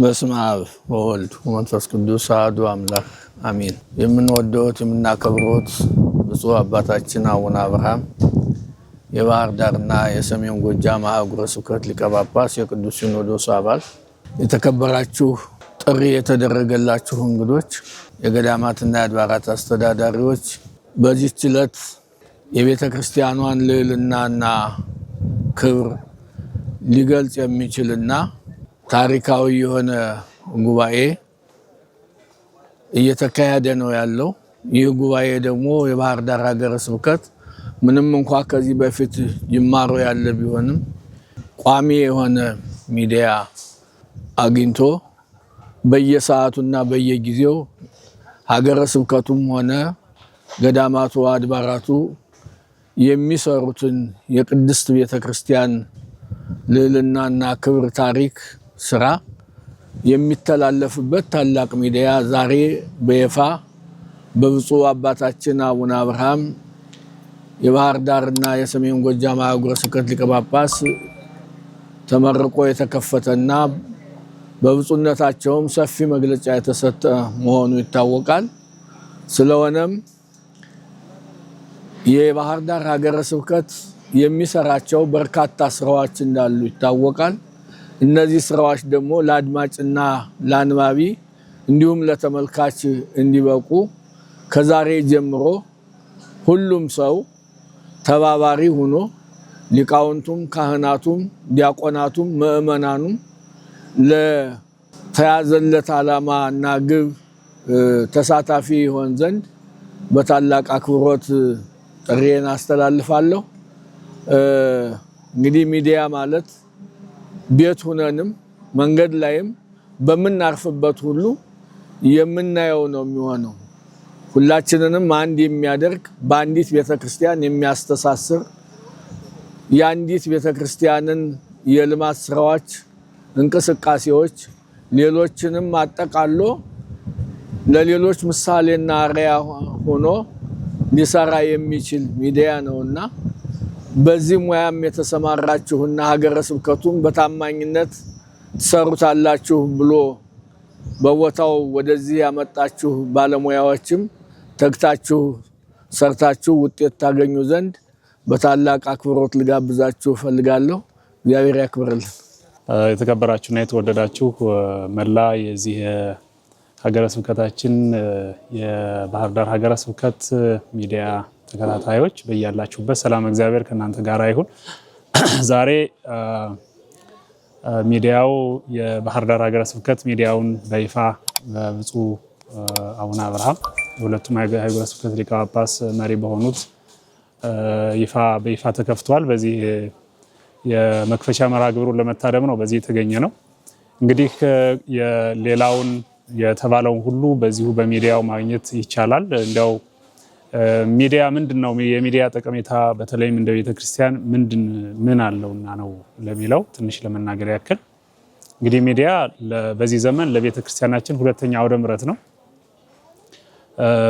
በስመ አብ ወወልድ ወመንፈስ ቅዱስ አሐዱ አምላክ አሜን። የምንወደውት የምናከብሮት ብፁዕ አባታችን አቡነ አብርሃም የባህር ዳርና የሰሜን ጎጃም አህጉረ ስብከት ሊቀ ጳጳስ የቅዱስ ሲኖዶስ አባል፣ የተከበራችሁ ጥሪ የተደረገላችሁ እንግዶች፣ የገዳማትና የአድባራት አስተዳዳሪዎች በዚህ ዕለት የቤተ ክርስቲያኗን ልዕልናና ክብር ሊገልጽ የሚችልና ታሪካዊ የሆነ ጉባኤ እየተካሄደ ነው ያለው። ይህ ጉባኤ ደግሞ የባህር ዳር ሀገረ ስብከት ምንም እንኳ ከዚህ በፊት ጅማሮ ያለ ቢሆንም ቋሚ የሆነ ሚዲያ አግኝቶ በየሰዓቱና በየጊዜው ሀገረ ስብከቱም ሆነ ገዳማቱ፣ አድባራቱ የሚሰሩትን የቅድስት ቤተክርስቲያን ልዕልናና ክብር ታሪክ ስራ የሚተላለፍበት ታላቅ ሚዲያ ዛሬ በይፋ በብፁዕ አባታችን አቡነ አብርሃም የባህር ዳርና የሰሜን ጎጃም አህጉረ ስብከት ሊቀ ጳጳስ ተመርቆ የተከፈተና በብፁዕነታቸውም ሰፊ መግለጫ የተሰጠ መሆኑ ይታወቃል። ስለሆነም የባህር ዳር ሀገረ ስብከት የሚሰራቸው በርካታ ስራዎች እንዳሉ ይታወቃል። እነዚህ ስራዎች ደግሞ ለአድማጭና ለአንባቢ እንዲሁም ለተመልካች እንዲበቁ ከዛሬ ጀምሮ ሁሉም ሰው ተባባሪ ሆኖ ሊቃውንቱም፣ ካህናቱም፣ ዲያቆናቱም ምእመናኑም ለተያዘለት ዓላማ እና ግብ ተሳታፊ ይሆን ዘንድ በታላቅ አክብሮት ጥሬን አስተላልፋለሁ። እንግዲህ ሚዲያ ማለት ቤት ሁነንም መንገድ ላይም በምናርፍበት ሁሉ የምናየው ነው የሚሆነው። ሁላችንንም አንድ የሚያደርግ በአንዲት ቤተክርስቲያን የሚያስተሳስር የአንዲት ቤተክርስቲያንን የልማት ስራዎች፣ እንቅስቃሴዎች ሌሎችንም አጠቃሎ ለሌሎች ምሳሌና አርአያ ሆኖ ሊሰራ የሚችል ሚዲያ ነውና በዚህ ሙያም የተሰማራችሁና ሀገረ ስብከቱም በታማኝነት ትሰሩታላችሁ ብሎ በቦታው ወደዚህ ያመጣችሁ ባለሙያዎችም ተግታችሁ ሰርታችሁ ውጤት ታገኙ ዘንድ በታላቅ አክብሮት ልጋብዛችሁ እፈልጋለሁ። እግዚአብሔር ያክብርልን። የተከበራችሁና የተወደዳችሁ መላ የዚህ ሀገረ ስብከታችን የባህር ዳር ሀገረ ስብከት ሚዲያ ተከታታዮች በያላችሁበት ሰላም እግዚአብሔር ከእናንተ ጋር ይሁን። ዛሬ ሚዲያው የባህር ዳር ሀገረ ስብከት ሚዲያውን በይፋ በብፁዕ አቡነ አብርሃም የሁለቱም ሀገረ ስብከት ሊቀ ጳጳስ መሪ በሆኑት ይፋ በይፋ ተከፍቷል። በዚህ የመክፈቻ መርሃ ግብሩን ለመታደም ነው በዚህ የተገኘ ነው። እንግዲህ ሌላውን የተባለውን ሁሉ በዚሁ በሚዲያው ማግኘት ይቻላል። እንዲያው ሚዲያ ምንድን ነው? የሚዲያ ጠቀሜታ በተለይም እንደ ቤተክርስቲያን ምንድን ምን አለውና ነው ለሚለው ትንሽ ለመናገር ያክል እንግዲህ ሚዲያ በዚህ ዘመን ለቤተክርስቲያናችን ሁለተኛ አውደ ምረት ነው።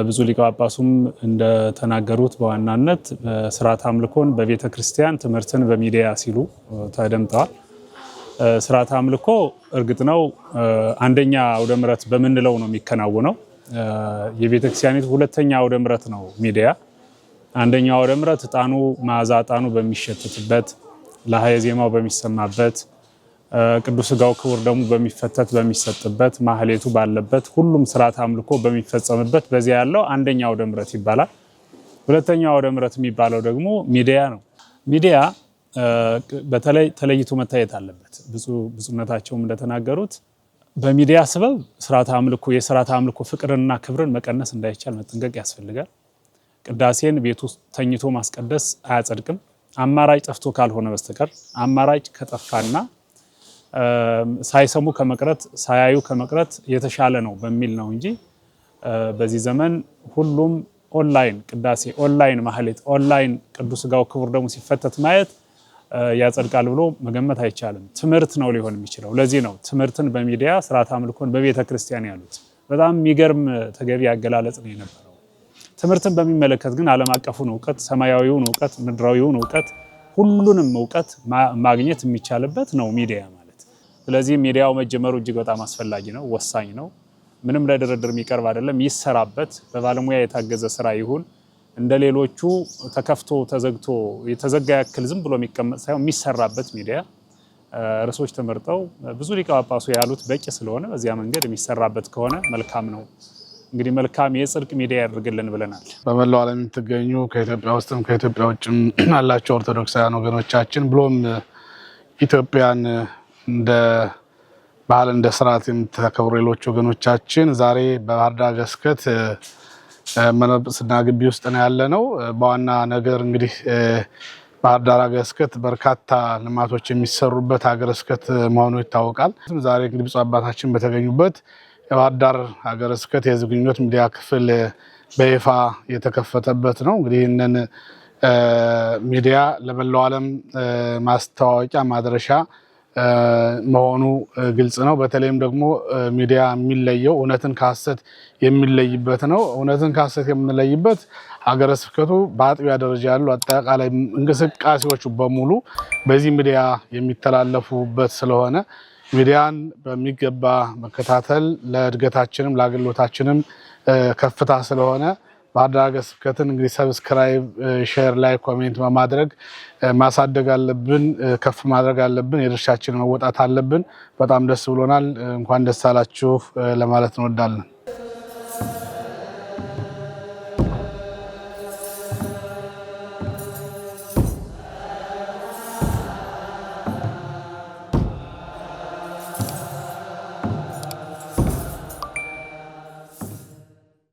ብዙ ሊቀ ጳጳሱም እንደተናገሩት በዋናነት ስርዓት አምልኮን በቤተክርስቲያን ትምህርትን በሚዲያ ሲሉ ተደምጠዋል። ስርዓት አምልኮ እርግጥ ነው አንደኛ አውደ ምረት በምንለው ነው የሚከናወነው የቤተክርስቲያኒቱ ሁለተኛ አውደ ምረት ነው ሚዲያ። አንደኛው አውደ ምረት እጣኑ መዓዛ እጣኑ በሚሸትትበት ለሀየ ዜማው በሚሰማበት ቅዱስ ሥጋው ክቡር ደግሞ በሚፈተት በሚሰጥበት ማህሌቱ ባለበት ሁሉም ስርዓት አምልኮ በሚፈጸምበት በዚያ ያለው አንደኛ አውደ ምረት ይባላል። ሁለተኛው አውደ ምረት የሚባለው ደግሞ ሚዲያ ነው። ሚዲያ በተለይ ተለይቶ መታየት አለበት። ብፁዕነታቸውም እንደተናገሩት በሚዲያ ስበብ ስርዓተ አምልኮ የስርዓተ አምልኮ ፍቅርንና ክብርን መቀነስ እንዳይቻል መጠንቀቅ ያስፈልጋል። ቅዳሴን ቤት ውስጥ ተኝቶ ማስቀደስ አያጸድቅም፣ አማራጭ ጠፍቶ ካልሆነ በስተቀር አማራጭ ከጠፋና ሳይሰሙ ከመቅረት ሳያዩ ከመቅረት የተሻለ ነው በሚል ነው እንጂ በዚህ ዘመን ሁሉም ኦንላይን ቅዳሴ፣ ኦንላይን ማህሌት፣ ኦንላይን ቅዱስ ሥጋው ክቡር ደግሞ ሲፈተት ማየት ያጸድቃል ብሎ መገመት አይቻልም። ትምህርት ነው ሊሆን የሚችለው። ለዚህ ነው ትምህርትን በሚዲያ ስርዓት አምልኮን በቤተ ክርስቲያን ያሉት። በጣም የሚገርም ተገቢ አገላለጽ ነው የነበረው። ትምህርትን በሚመለከት ግን ዓለም አቀፉን እውቀት፣ ሰማያዊውን እውቀት፣ ምድራዊውን እውቀት፣ ሁሉንም እውቀት ማግኘት የሚቻልበት ነው ሚዲያ ማለት። ስለዚህ ሚዲያው መጀመሩ እጅግ በጣም አስፈላጊ ነው፣ ወሳኝ ነው። ምንም ለድርድር የሚቀርብ አይደለም። ይሰራበት፣ በባለሙያ የታገዘ ስራ ይሁን። እንደ ሌሎቹ ተከፍቶ ተዘግቶ የተዘጋ ያክል ዝም ብሎ የሚቀመጥ ሳይሆን የሚሰራበት ሚዲያ ርዕሶች ተመርጠው ብዙ ሊቀ ጳጳሱ ያሉት በቂ ስለሆነ በዚያ መንገድ የሚሰራበት ከሆነ መልካም ነው። እንግዲህ መልካም የጽድቅ ሚዲያ ያደርግልን ብለናል። በመላው ዓለም የምትገኙ ከኢትዮጵያ ውስጥም ከኢትዮጵያ ውጭም ያላቸው ኦርቶዶክሳውያን ወገኖቻችን ብሎም ኢትዮጵያን እንደ ባህል እንደ ስርዓት የምታከብሩ ሌሎች ወገኖቻችን ዛሬ በባህር ዳር ገስከት መነጵስና ግቢ ውስጥ ነው ያለ ነው። በዋና ነገር እንግዲህ ባህር ዳር ሀገረ ስብከት በርካታ ልማቶች የሚሰሩበት ሀገረ ስብከት መሆኑ ይታወቃል። ዛሬ እንግዲህ ብፁዕ አባታችን በተገኙበት የባህር ዳር ሀገረ ስብከት የሕዝብ ግንኙነት ሚዲያ ክፍል በይፋ የተከፈተበት ነው። እንግዲህ ይህንን ሚዲያ ለመላው ዓለም ማስተዋወቂያ ማድረሻ መሆኑ ግልጽ ነው። በተለይም ደግሞ ሚዲያ የሚለየው እውነትን ካሰት የሚለይበት ነው። እውነትን ካሰት የምንለይበት ሀገረ ስብከቱ በአጥቢያ ደረጃ ያሉ አጠቃላይ እንቅስቃሴዎቹ በሙሉ በዚህ ሚዲያ የሚተላለፉበት ስለሆነ ሚዲያን በሚገባ መከታተል ለእድገታችንም ለአገልግሎታችንም ከፍታ ስለሆነ ባህር ስብከትን እንግዲህ ሰብስክራይብ፣ ሼር ላይ ኮሜንት በማድረግ ማሳደግ አለብን፣ ከፍ ማድረግ አለብን፣ የድርሻችን መወጣት አለብን። በጣም ደስ ብሎናል። እንኳን ደስ አላችሁ ለማለት እንወዳለን።